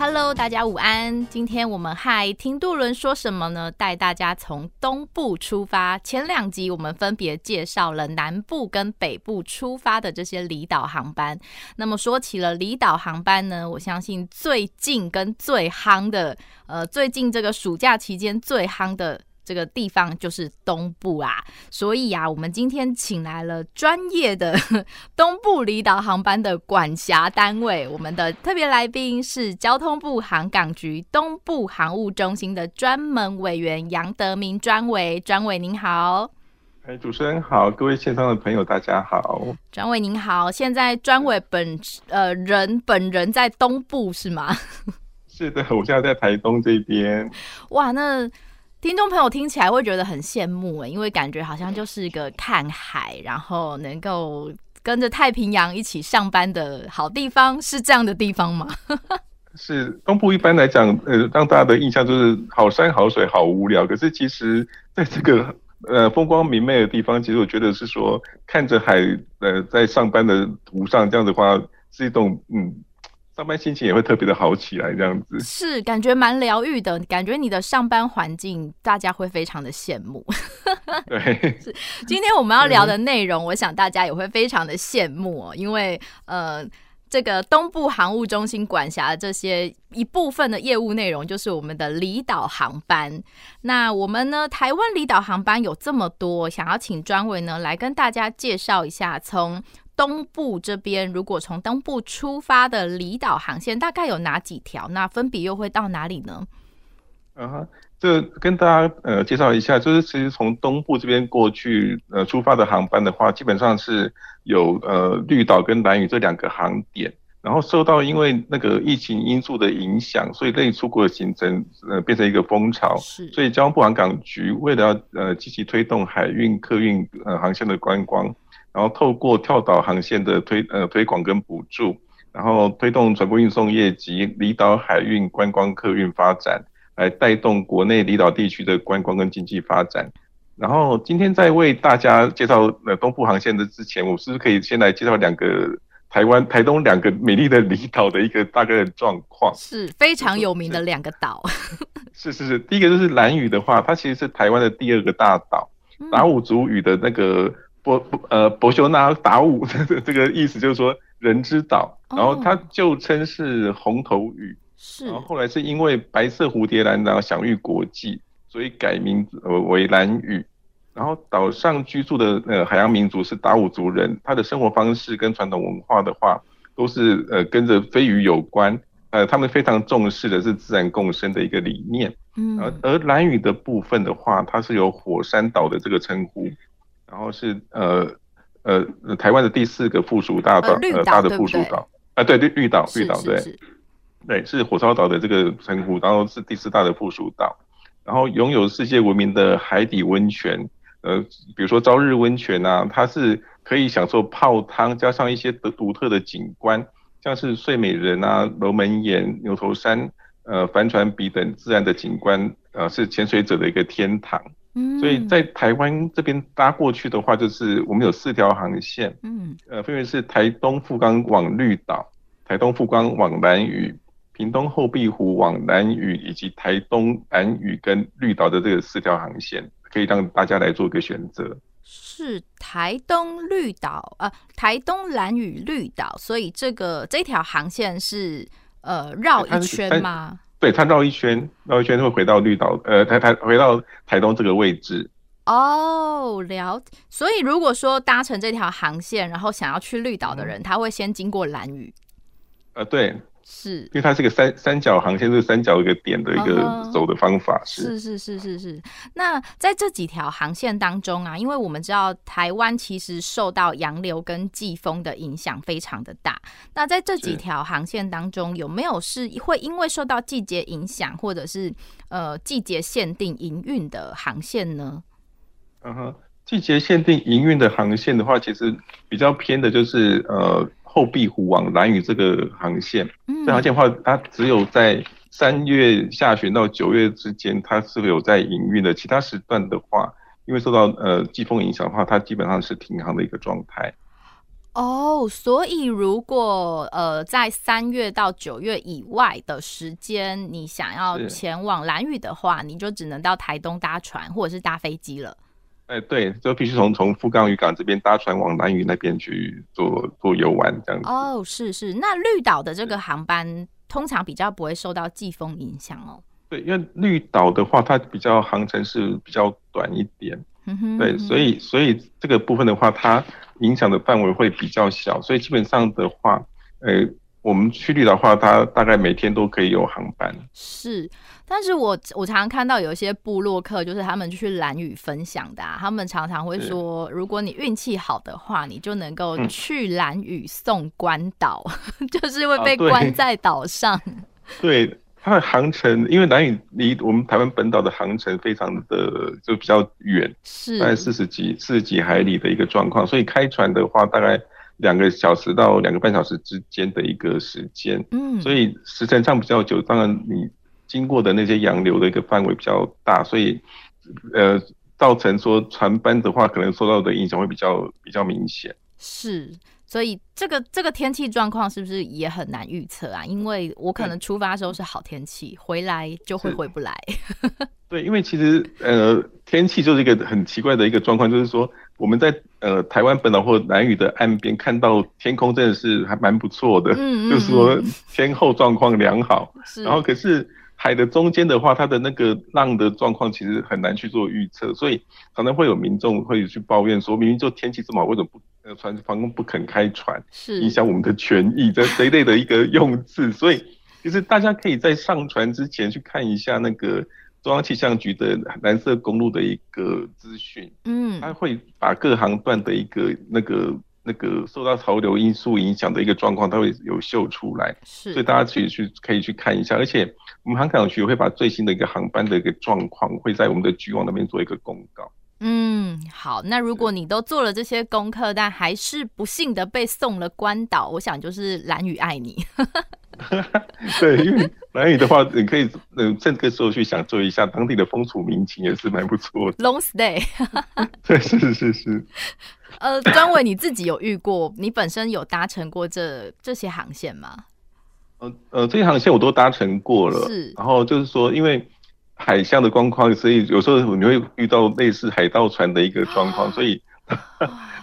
Hello，大家午安。今天我們嗨，聽渡輪說什麼呢？帶大家從東部出發。前兩集我們分別介紹了南部跟北部出發的這些離島航班，那麼說起了離島航班呢，我相信最近跟最夯的，呃，最近這個暑假期間最夯的。這個地方就是東部啊，所以啊，我們今天請來了專業的東部離島航班的管轄單位，我們的特別來賓是交通部航港局東部航務中心的專門委員楊德明專委。專委您好，哎，主持人好，各位線上的朋友大家好。專委您好，現在專委本呃人本人在東部是嗎？是的，我現在在台東這邊。哇，那。聽眾朋友聽起來會覺得很羨慕，欸，因為感覺好像就是一個看海，然後能夠跟着太平洋一起上班的好地方，是這樣的地方嗎？ 是東部一般來講，呃，讓大家的印象就是好山好水好無聊。可是其實在這個，呃，風光明媚的地方，其實我覺得是說看着海，呃，在上班的路上這樣子的話是一種嗯。上班心情也會特別的好起來，這樣子是感覺蠻療癒的，感覺你的上班環境大家會非常的羨慕。 對是，是今天我們要聊的內容，嗯、我想大家也會非常的羨慕、哦，因為呃，這個東部航務中心管轄的這些一部分的業務內容，就是我們的離島航班。那我們呢，台灣離島航班有這麼多，想要請專位呢來跟大家介紹一下，從。東部這邊，如果從東部出發的離島航線，大概有哪幾條？那分別又會到哪裡呢？啊哈，這個、跟大家呃介紹一下，就是其實從東部這邊過去呃出發的航班的話，基本上是有呃綠島跟蘭嶼這兩個航點。然後受到因為那個疫情因素的影響，所以類出國的行程呃變成一個風潮，是所以交通部航港局為了要呃積極推動海運客運呃航線的觀光。然後透過跳島航線的推呃推廣跟補助，然後推動船舶運送業及離島海運觀光客運發展，來帶動國內離島地區的觀光跟經濟發展。然後今天在為大家介紹呃東部航線的之前，我是不是可以先來介紹兩個台灣台東兩個美麗的離島的一個大概的狀況？是非常有名的兩個島。 是是是，是，第一個就是蘭嶼的話，它其實是台灣的第二個大島，達悟族語的那個。嗯博博呃，博修納達悟的這個意思就是說人之島，oh. 然後他就稱是紅頭嶼，是。然後後來是因為白色蝴蝶蘭然後享譽國際，所以改名呃為蘭嶼，然後島上居住的呃海洋民族是達悟族人，他的生活方式跟傳統文化的話都是呃跟着飛魚有關，呃他們非常重視的是自然共生的一個理念。嗯、mm. 呃。而而蘭嶼的部分的話，它是有火山島的這個稱呼。然後是呃呃台灣的第四個附屬大島呃，呃大的附屬島啊，對綠、呃、綠島，綠島，對對，是火燒島的這個稱呼，然後是第四大的附屬島，然後擁有世界聞名的海底溫泉呃，比如說朝日溫泉啊，它是可以享受泡湯加上一些獨特的景觀，像是睡美人啊、樓門岩、牛頭山、呃帆船鼻等自然的景觀，呃是潛水者的一個天堂。嗯，所以在台灣這邊搭過去的話，就是我們有四條航線，嗯，呃，分別是台東富岡往綠島、台東富岡往蘭嶼、屏東後壁湖往蘭嶼以及台東蘭嶼跟綠島的這個四條航線，可以讓大家來做一個選擇。是台東綠島啊、呃，台東蘭嶼綠島，所以這個這條航線是呃繞一圈嗎？對，它繞一圈，繞一圈會回到綠島，呃，台台回到台東這個位置。哦，oh, 了解。所以如果說搭乘這條航線，然後想要去綠島的人，嗯、他會先經過蘭嶼。呃，對。是，因為它是個三三角航線，是三角一個點的一個走的方法，uh, 是是是是是,是。那在這幾條航線當中啊，因為我們知道台灣其實受到洋流跟季風的影響非常的大。那在這幾條航線當中，有沒有是會因為受到季節影響，或者是呃季節限定營運的航線呢？嗯哼、uh，huh, 季節限定營運的航線的話，其實比較偏的就是呃。後壁湖往蘭嶼這個航線，嗯，這航線的話，它只有在三月下旬到九月之間，它是有在營運的。其他時段的話，因為受到呃季風影響的話，它基本上是停航的一個狀態。哦，所以如果呃在三月到九月以外的時間，你想要前往蘭嶼的話，是你就只能到台東搭船或者是搭飛機了。哎、欸，對，就必須從從富岡漁港這邊搭船往蘭嶼那邊去做做遊玩這樣子。哦，是是，那綠島的這個航班、嗯、通常比較不會受到季風影響哦。對，因為綠島的話，它比較航程是比較短一點，嗯哼嗯哼，對，所以所以這個部分的話，它影響的範圍會比較小，所以基本上的話，呃。我們去綠島的話，它大概每天都可以有航班。是，但是我我常常看到有一些部落客，就是他們去蘭嶼分享的，啊，他們常常會說，嗯、如果你運氣好的話，你就能夠去蘭嶼送關島，嗯、 就是會被關在島上，啊。對，它的航程，因為蘭嶼離我們台灣本島的航程非常的就比較遠，是大概四十幾、四十幾海里的一個狀況，嗯、所以開船的話，大概。兩個小時到兩個半小時之間的一個時間，嗯，所以時程上比較久，當然你經過的那些洋流的一個範圍比較大，所以，呃，造成說船班的話，可能受到的影響會比較比較明顯。是，所以這個這個天氣狀況是不是也很難預測啊？因為我可能出發的時候是好天氣，對回來就會回不來。 對，因為其實呃，天氣就是一個很奇怪的一個狀況，就是說。我們在呃台灣本島或南嶼的岸邊看到天空真的是還蠻不錯的，嗯嗯嗯就是說天候狀況良好。是然後可是海的中間的話，它的那個浪的狀況其實很難去做預測，所以常常會有民眾會去抱怨說，明明就天氣這麼好，為什麼不呃船方不肯開船，是影響我們的權益，是這類的一個用字，所以就是大家可以在上船之前去看一下那個。中央氣象局的藍色公路的一個資訊，嗯，它會把各航段的一個那個那個受到潮流因素影響的一個狀況，它會有秀出來，是的，所以大家去去可以去看一下。而且我們航港局會把最新的一個航班的一個狀況會在我們的局網那邊做一個公告。嗯，好，那如果你都做了這些功課，是但還是不幸的被送了關島，我想就是藍雨愛你。 對，因為南嶼的話， 你可以嗯、呃、趁這個時候去享受一下當地的風俗民情，也是蠻不錯的。Long stay， 對，是是是,是。呃，專偉你自己有遇過，你本身有搭乘過這這些航線嗎？呃呃，這些航線我都搭乘過了。是。然後就是說，因為海象的狀況，所以有時候你會遇到類似海盜船的一個狀況， 所以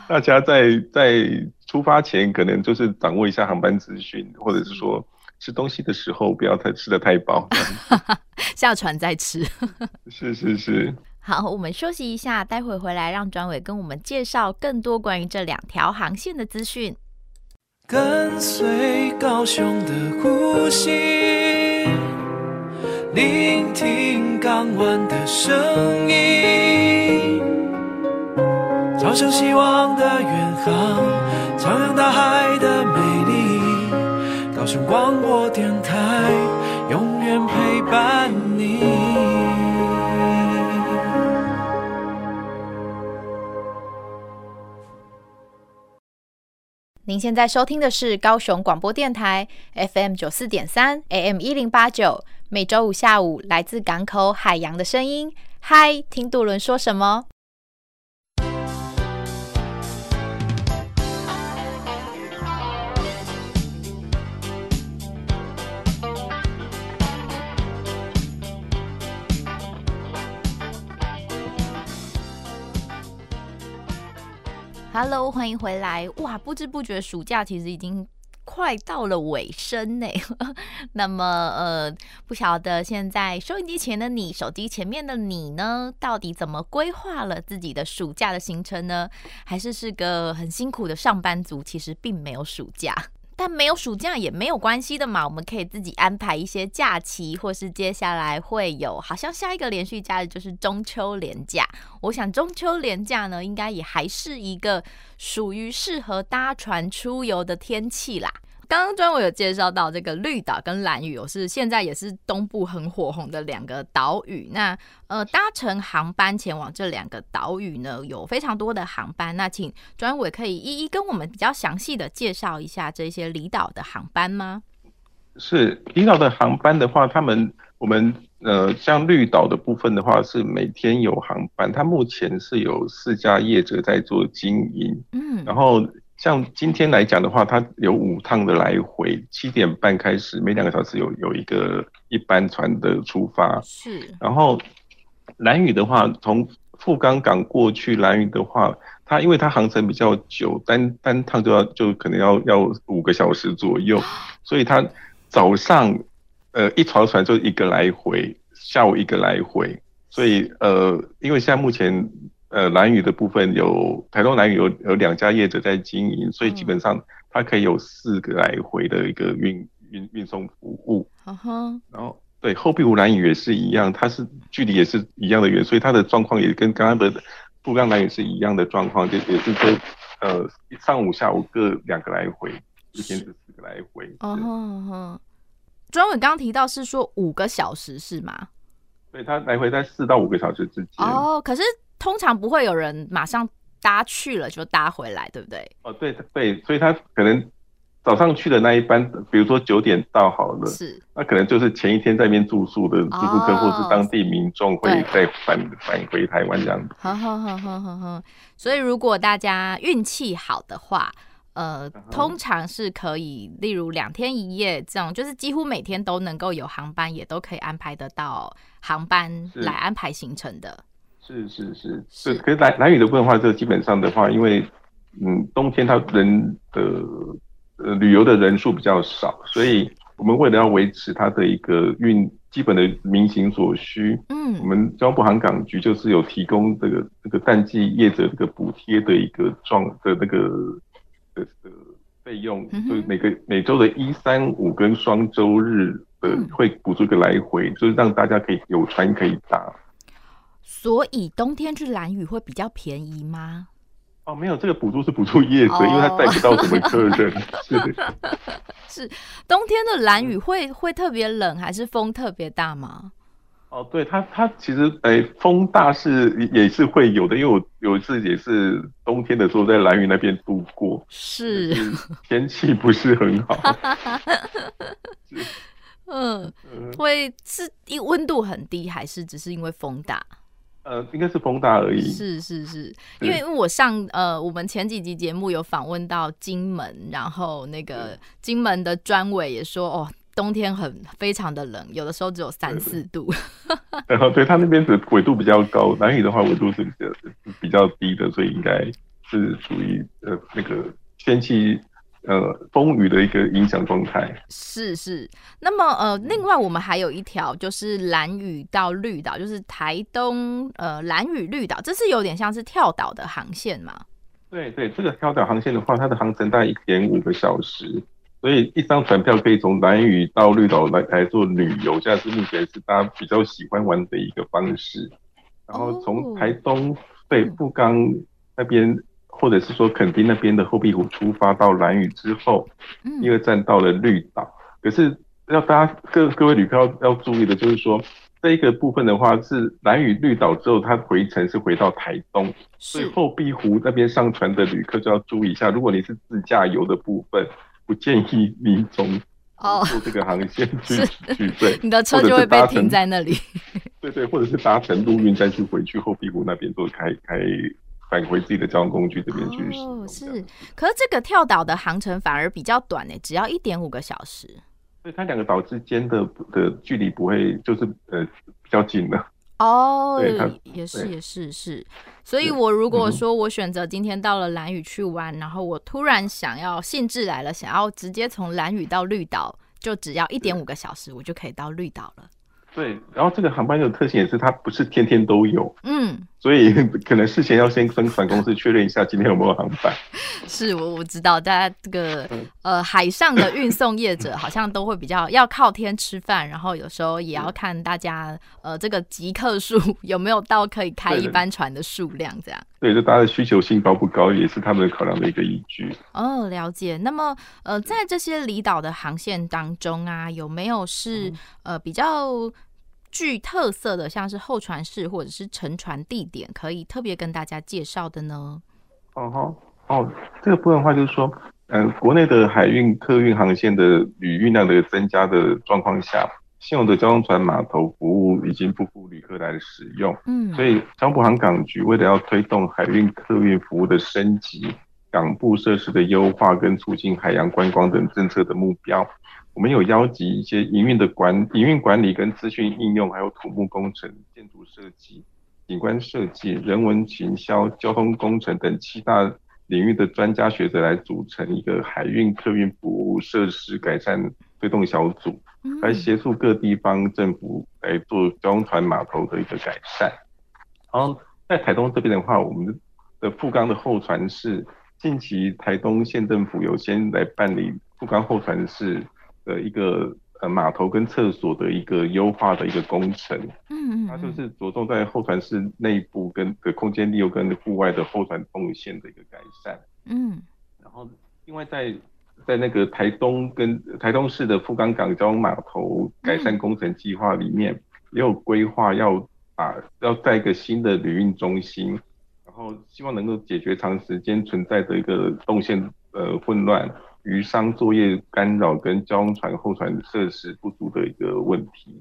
大家在在出發前，可能就是掌握一下航班資訊， 或者是說。吃東西的時候不要吃太吃的太飽， 下船再吃。 是是是。好，我們休息一下，待會回來讓專偉跟我們介紹更多關於這兩條航線的資訊。跟隨高雄的呼吸，聆聽港灣的聲音，朝向希望的遠航，徜徉大海的美。高雄廣播電台永遠陪伴你。您現在收聽的是高雄廣播電台 FM 九四點三 AM 一零八九，每周五下午來自港口海洋的聲音。嗨，聽渡輪說什麼？Hello，歡迎回來！哇，不知不覺暑假其實已經快到了尾聲呢。 那麼，呃，不曉得現在收音機前的你、手機前面的你呢，到底怎麼規劃了自己的暑假的行程呢？還是是個很辛苦的上班族，其實並沒有暑假。但沒有暑假也沒有關係的嘛，我們可以自己安排一些假期，或是接下來會有，好像下一個連續假日就是中秋連假。我想中秋連假呢，應該也還是一個屬於適合搭船出遊的天氣啦。剛剛專委有介紹到這個綠島跟蘭嶼，是現在也是東部很火紅的兩個島嶼。那呃，搭乘航班前往這兩個島嶼呢，有非常多的航班。那請專委可以一一跟我們比較詳細的介紹一下這些離島的航班嗎？是離島的航班的話，他們我們呃，像綠島的部分的話，是每天有航班。它目前是有四家業者在做經營，嗯，然後。像今天來講的話，它有五趟的來回，七點半開始，每兩個小時有有一個一班船的出發。是。然後，蘭嶼的話，從富岡港過去蘭嶼的話，它因為它航程比較久，單單趟都要就可能要要五個小時左右，所以它早上，呃，一條船，船就一個來回，下午一個來回，所以呃，因為現在目前。呃，蘭嶼的部分有台東蘭嶼，有有兩家業者在經營，嗯、所以基本上它可以有四個來回的一個運運運送服務。Uh huh. 然後對，後壁湖蘭嶼也是一樣，它是距離也是一樣的遠，所以它的狀況也跟剛剛的富岡蘭嶼也是一樣的狀況，就也是說，呃，上午下午各兩個來回，一天是四個來回。哦，莊文剛剛提到是說五個小時是嗎？對，它來回在四到五個小時之間。哦、uh，huh. 可是。通常不會有人馬上搭去了就搭回來，對不對？哦，對對，所以他可能早上去的那一班，比如說九點到好了，是那可能就是前一天在那邊住宿的、哦、住客或是當地民眾會再返對返回台灣這樣。好好好好好，所以如果大家運氣好的話，呃，通常是可以，例如兩天一夜這種就是幾乎每天都能夠有航班，也都可以安排得到航班來安排行程的。是是是，是。可是來蘭嶼的部分的話，這基本上的話，因為，嗯，冬天它人的呃旅遊的人數比較少，所以我們為了要維持它的一個運基本的民情所需，嗯，我們中部航港局就是有提供這個這個淡季業者這個補貼的一個狀的那個的的費用，就每個每周的一三五跟雙周日呃會補助一個來回，就是讓大家可以有船可以搭。所以冬天去蘭嶼會比較便宜嗎？哦，沒有，這個補助是補助業者，哦、因為它帶不到什麼客人。 是，是冬天的蘭嶼會、嗯、會特別冷，還是風特別大嗎？哦，對，它它其實誒、欸，風大是也是會有的，因為我有一次也是冬天的時候在蘭嶼那邊度過，是,是天氣不是很好。 是嗯，嗯會是溫度很低，還是只是因為風大？呃，應該是風大而已。是是是，因為我上是呃，我們前幾集節目有訪問到金門，然後那個金門的專委也說，哦，冬天很非常的冷，有的時候只有三四度。然後對他那邊的緯度比較高，蘭嶼的話緯度是比較，比較低的，所以應該是屬於呃那個天氣。呃，風雨的一個影響狀態是是。那麼呃，另外我們還有一條就是蘭嶼到綠島，就是台東呃蘭嶼綠島，這是有點像是跳島的航線嘛？對對，這個跳島航線的話，它的航程大概一點五個小時，所以一張船票可以從蘭嶼到綠島來來做旅遊，現在是目前是大家比較喜歡玩的一個方式。然後從台東、嗯、對富岡那邊。或者是說，墾丁那邊的後壁湖出發到蘭嶼之後，第二、嗯、站到了綠島。可是要大家各各位旅客要,要注意的就是說，這一個部分的話是蘭嶼綠島之後，它回程是回到台東。是所以後壁湖那邊上船的旅客就要注意一下，如果你是自駕遊的部分，不建議你從哦坐這個航線去去對， 你的車就會被停在那裡。 對,對對，或者是搭乘陸運再去回去後壁湖那邊做開開。開返回自己的交通工具這邊去這、哦、是，可是這個跳島的航程反而比較短呢，只要一點五個小時。所以它兩個島之間的的距離不會就是呃比較近的哦，也是也是對是，所以我如果說我選擇今天到了蘭嶼去玩，對然後我突然想要、嗯、興致來了，想要直接從蘭嶼到綠島，就只要一點五個小時，我就可以到綠島了。對，然後這個航班有的特性，也是它不是天天都有，嗯，所以可能事先要先跟船公司確認一下今天有沒有航班。是，我我知道，大家這個呃海上的運送業者好像都會比較要靠天吃飯， 然後有時候也要看大家呃這個集客數 有沒有到可以開一班船的數量這樣。所以就大家的需求性高不高，也是他們考量的一個依據。哦，了解。那麼，呃，在這些離島的航線當中啊，有沒有是、嗯、呃比較具特色的，像是候船室或者是乘船地點，可以特別跟大家介紹的呢？哦哦，哦，這個部分的話就是說，嗯、呃，國內的海運客運航線的旅運量的增加的狀況下。現有的交通船碼頭服務已經不敷旅客來使用，嗯，所以漳浦航港局為了要推動海運客運服務的升級、港埠設施的優化跟促進海洋觀光等政策的目標，我們有邀集一些營運的管營運管理跟資訊應用、還有土木工程、建築設計、景觀設計、人文行銷、交通工程等七大領域的專家學者來組成一個海運客運服務設施改善推動小組。來協助各地方政府來做中船碼頭的一個改善。然後在台東這邊的話，我們的富岡的候船室近期台東縣政府有先來辦理富岡候船室的一個呃碼頭跟廁所的一個優化的一個工程。嗯嗯。它就是着重在候船室內部跟的空間利用跟戶外的候船動線的一個改善。嗯。然後另外在。在那個台東跟台東市的富岡港交通碼頭改善工程計劃裡面，也有規劃要把要蓋一個新的旅運中心，然後希望能夠解決長時間存在的一個動線呃混亂、漁商作業干擾跟交通船候船設施不足的一個問題，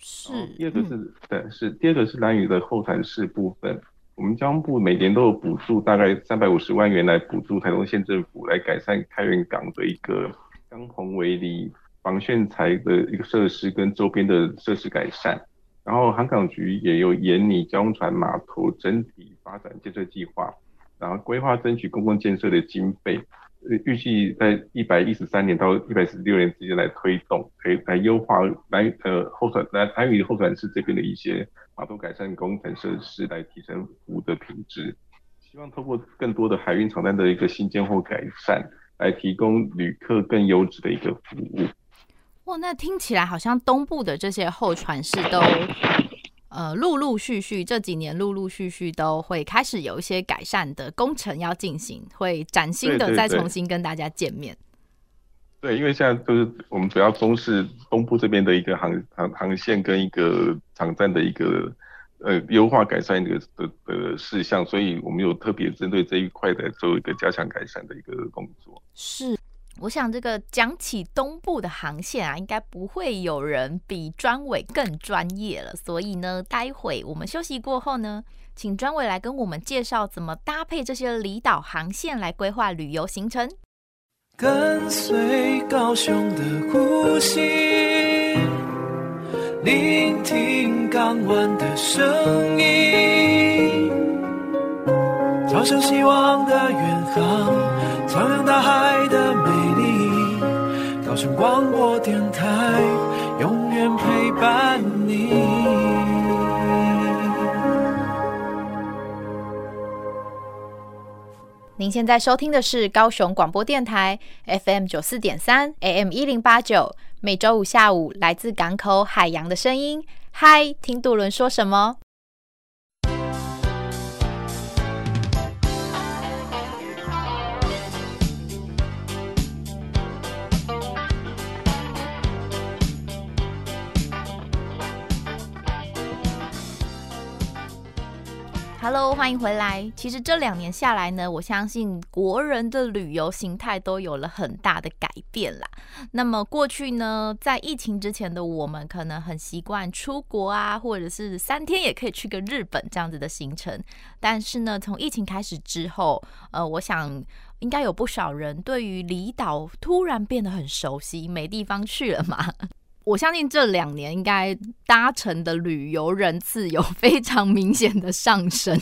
個是是、嗯。是，第二個是對是第二個是蘭嶼的候船室部分。我們交通部，每年都有補助，大概三百五十萬元來補助台東縣政府，來改善開源港的一個鋼棚圍籬防舷材的一個設施跟周邊的設施改善。然後航港局也有研擬交通船碼頭整體發展建設計劃，然後規劃爭取公共建設的經費。預計在一百一十三年到一百四十六年之間來推動，可以來優化南呃候船來南嶼候船室這邊的一些碼頭改善工程設施，來提升服務的品質。希望透過更多的海運場站的一個新建或改善，來提供旅客更優質的一個服務。哇、哦，那聽起來好像東部的這些候船室都。呃，陸陸續續這幾年，陸陸續續都會開始有一些改善的工程要進行，會嶄新的再重新跟大家見面。對，對，對，對，因為現在就是我們主要重視東部這邊的一個航航航線跟一個場站的一個呃優化改善的的的事項，所以我們有特別針對這一塊的做一個加強改善的一個工作。是。我想，這個講起東部的航線啊，應該不會有人比專委更專業了。所以呢，待會我們休息過後呢，請專委來跟我們介紹怎麼搭配這些離島航線來規劃旅遊行程。跟隨高雄的呼吸，聆聽港灣的聲音，朝向希望的遠航，徜徉大海的美。高雄廣播電台永遠陪伴你。您現在收聽的是高雄廣播電台 FM 九四點三 AM 一零八九，每周五下午來自港口海洋的聲音。嗨，聽渡輪說什麼？Hello，歡迎回來。其實這兩年下來呢，我相信國人的旅遊形態都有了很大的改變啦。那麼過去呢，在疫情之前的我們可能很習慣出國啊，或者是三天也可以去個日本這樣子的行程。但是呢，從疫情開始之後，呃，我想應該有不少人對於離島突然變得很熟悉，沒地方去了嘛。我相信這兩年應該搭乘的旅遊人次有非常明顯的上升，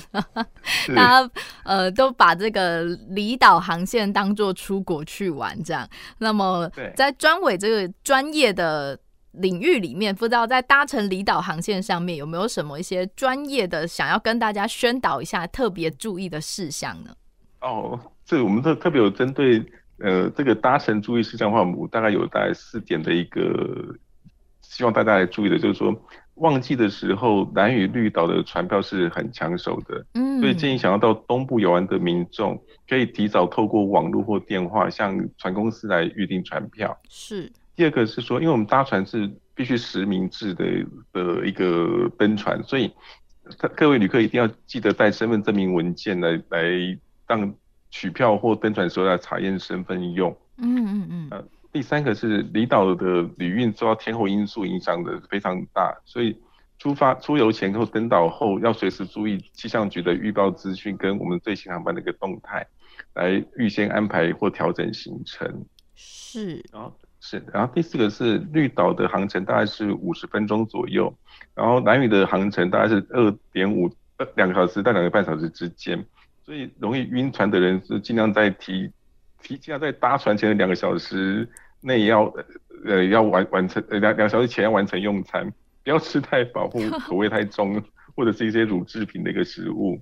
是 大家呃都把這個離島航線當做出國去玩這樣。那麼在專委這個專業的領域裡面，對 不知道在搭乘離島航線上面有沒有什麼一些專業的想要跟大家宣導一下特別注意的事項呢？哦，這我們特特別有針對呃這個搭乘注意事項，的話，我們大概有大概四點的一個，希望大家來注意的，就是說，旺季的時候，蘭嶼綠島的船票是很搶手的，嗯，所以建議想要到東部遊玩的民眾，可以提早透過網絡或電話向船公司來預訂船票。是。第二個是說，因為我們搭船是必須實名制的的一個登船，所以各位旅客一定要記得帶身份證明文件來來，當取票或登船時候來查驗身份用。嗯嗯嗯。呃第三個是離島的旅運受到天候因素影響的非常大，所以出发出遊前後登島後要隨時注意氣象局的預報資訊跟我們最新航班的一個動態，來預先安排或調整行程。是，然後是，然後第四個是綠島的航程大概是五十分鐘左右，然後蘭嶼的航程大概是二點五呃兩個小時到兩個半小時之間，所以容易暈船的人是儘量在提。提前要在搭船前的兩個小時內要呃要完完成、呃、兩兩小時前要完成用餐，不要吃太飽或口味太重，或者是一些乳製品的一個食物，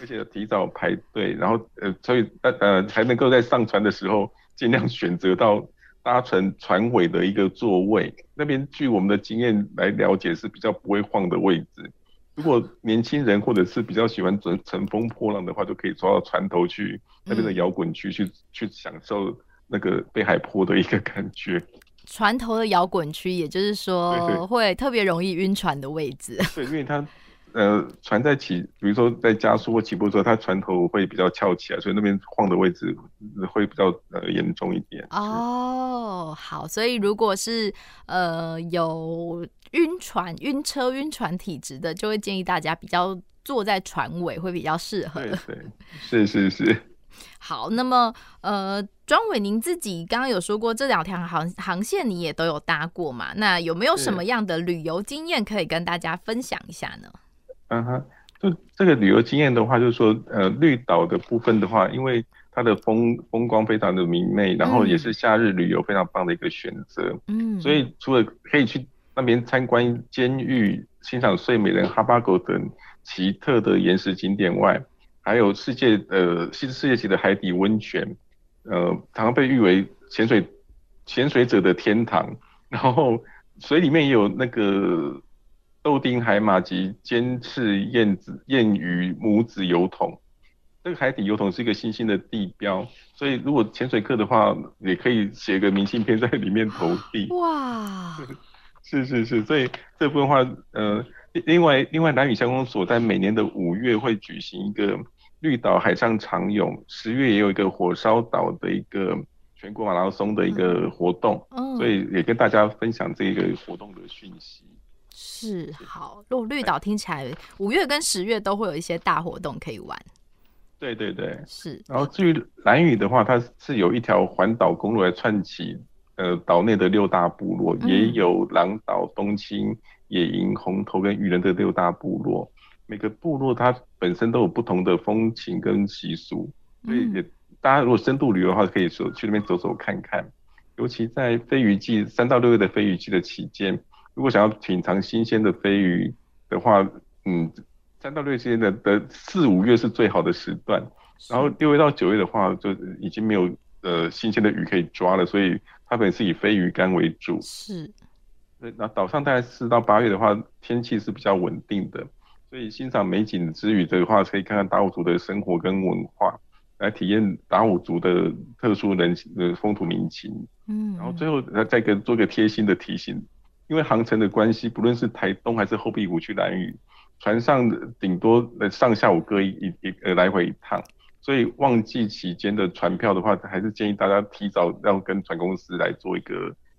而且要提早排隊，然後呃所以呃才能夠在上船的時候儘量選擇到搭乘船尾的一個座位，那邊據我們的經驗來了解是比較不會晃的位置。如果年輕人或者是比較喜歡乘乘風破浪的話，就可以抓到船頭去那邊的搖滾區去，嗯、去享受那個被海潑的一個感覺。船頭的搖滾區，也就是說會特別容易暈船的位置。對，因為他。呃，船在起，比如說在加速或起步的時候，它船頭會比較翹起來，所以那邊晃的位置會比較呃嚴重一點。哦，好，所以如果是呃有暈船、暈車、暈船體質的，就會建議大家比較坐在船尾會比較適合的。對，對，是是是。是好，那麼呃，莊偉，您自己剛剛有說過這兩條航航線你也都有搭過嘛？那有沒有什麼樣的旅遊經驗可以跟大家分享一下呢？嗯哈，uh huh. 就這個旅遊經驗的話，就是說，呃，綠島的部分的話，因為它的風風光非常的明媚，然後也是夏日旅遊非常棒的一個選擇。嗯，所以除了可以去那邊參觀監獄、嗯、欣賞睡美人、哈巴狗等奇特的岩石景點外，還有世界呃新世界級的海底溫泉，呃，常常被譽為潛水潛水者的天堂，然後水裡面也有那個。豆丁海馬、及尖翅燕子、燕魚母子郵筒，這個海底郵筒是一個新興的地標，所以如果潛水客的話，也可以寫個明信片在裡面投遞。哇！ 是是是，所以這部分的話，呃，另外另外南嶼鄉公所在每年的五月會舉行一個綠島海上長泳，十月也有一個火燒島的一個全國馬拉松的一個活動，嗯嗯、所以也跟大家分享這個活動的訊息。是好，如果綠島聽起來，五月跟十月都會有一些大活動可以玩。對對對，是。然後至於蘭嶼的話，它是有一條環島公路來串起，呃，島內的六大部落，嗯、也有朗島、東清、野銀、紅頭跟漁人的六大部落。每個部落它本身都有不同的風情跟習俗，所以也、嗯、大家如果深度旅遊的話，可以說去那邊走走看看。尤其在飛魚季，三到六月的飛魚季的期間。如果想要品嘗新鮮的飛魚的話，嗯，三到六月之間的的四五月是最好的時段。然後六月到九月的話，就已經沒有呃新鮮的魚可以抓了，所以它本是以飛魚乾為主。是。那島上大概四到八月的話，天氣是比較穩定的，所以欣賞美景之餘的話，可以看看達悟族的生活跟文化，來體驗達悟族的特殊人呃風土民情。嗯。然後最後再跟做個貼心的提醒，因為航程的關係，不論是台東還是後壁湖去蘭嶼，船上的頂多上下午各一，一,一呃來回一趟，所以旺季期間的船票的話，還是建議大家提早要跟船公司來做一個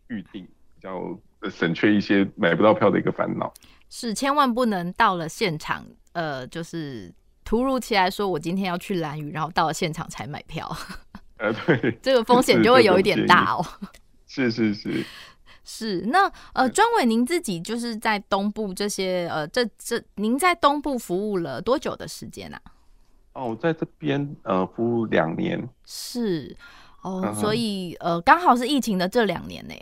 預訂，比較省卻一些買不到票的一個煩惱。是，千萬不能到了現場，呃，就是突如其來說，我今天要去蘭嶼，然後到了現場才買票。 呃，對，這個風險就會有一點大哦。是是是。是那呃，莊偉，您自己就是在東部這些、嗯、呃，這這，您在東部服務了多久的時間啊？哦，我在這邊呃，服務兩年。是哦，呃、所以呃，剛好是疫情的這兩年呢。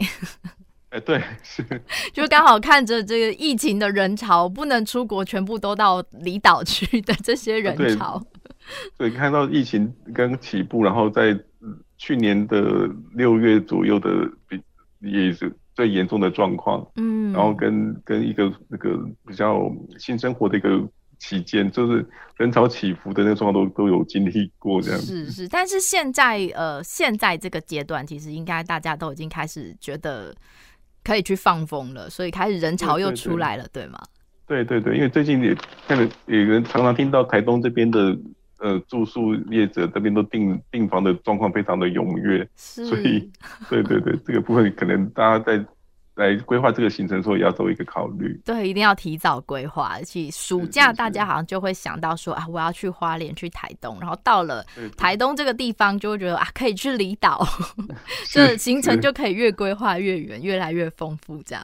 哎 、欸，對，是。就剛好看着這個疫情的人潮，不能出國，全部都到離島去的這些人潮，呃對。對，看到疫情剛起步，然後在、呃、去年的六月左右的，就是。最嚴重的狀況，嗯，然後跟跟一個那個比較新生活的一個期間，就是人潮起伏的那個狀況都都有經歷過這樣。是是，但是現在呃，現在這個階段，其實應該大家都已經開始覺得可以去放風了，所以開始人潮又出來了，對，對，對，對嗎？對對對，因為最近也看也有人常常聽到台東這邊的。呃，住宿業者這邊都訂訂房的狀況非常的踴躍，是所以，對對對， 這個部分可能大家在來規劃這個行程的時候也要做一個考慮。對，一定要提早規劃，而且暑假大家好像就會想到說啊，我要去花蓮、去台東，然後到了台東這個地方，就會覺得啊，可以去離島，這是 行程就可以越規劃越遠，越來越豐富這樣。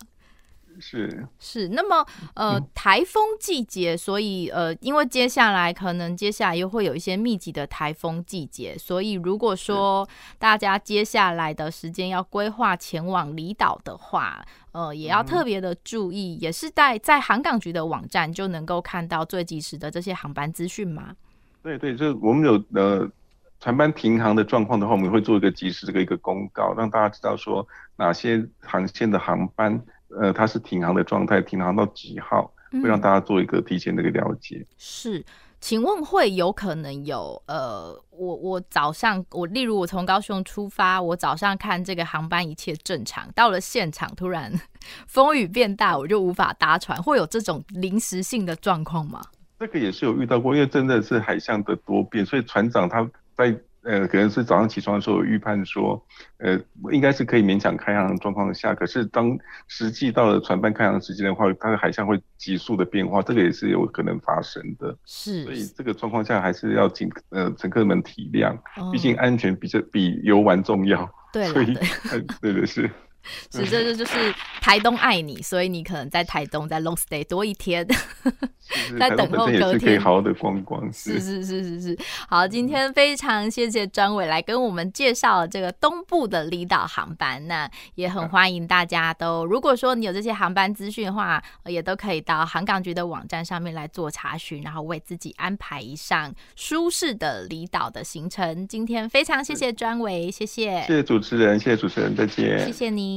是是，那麼呃，颱風季節，所以呃，因為接下來可能接下來又會有一些密集的颱風季節，所以如果說大家接下來的時間要規劃前往離島的話，是呃，也要特別的注意。嗯、也是在在航港局的網站就能夠看到最及時的這些航班資訊嗎？對對，就我們有呃，船班停航的狀況的話，我們會做一個及時的一個公告，讓大家知道說哪些航線的航班。呃，它是停航的狀態，停航到幾號、嗯、會讓大家做一個提前的一個了解。是，請問會有可能有呃，我我早上我例如我從高雄出發，我早上看這個航班一切正常，到了現場突然風雨變大，我就無法搭船，會有這種臨時性的狀況嗎？這個也是有遇到過，因為真的是海象的多變，所以船長他在。呃，可能是早上起床的時候預判說，呃，應該是可以勉強開航的狀況下，可是當實際到了船班開航時間的話，它的海象會急速的變化，這個也是有可能發生的。是，所以這個狀況下還是要請呃乘客們體諒，嗯、畢竟安全比這比遊玩重要。對，對，所以、呃、對的是。 是，這是就是台東愛你，所以你可能在台東在 Long Stay 多一天，是 在等候隔天。可以好好的逛逛。是是是是是，是。好，今天非常謝謝專委來跟我們介紹這個東部的離島航班。那也很歡迎大家都。啊、如果說你有這些航班資訊的話，也都可以到航港局的網站上面來做查詢，然後為自己安排一上舒適的離島的行程。今天非常謝謝專委，是謝謝。謝謝主持人，謝謝主持人，再見。謝謝你。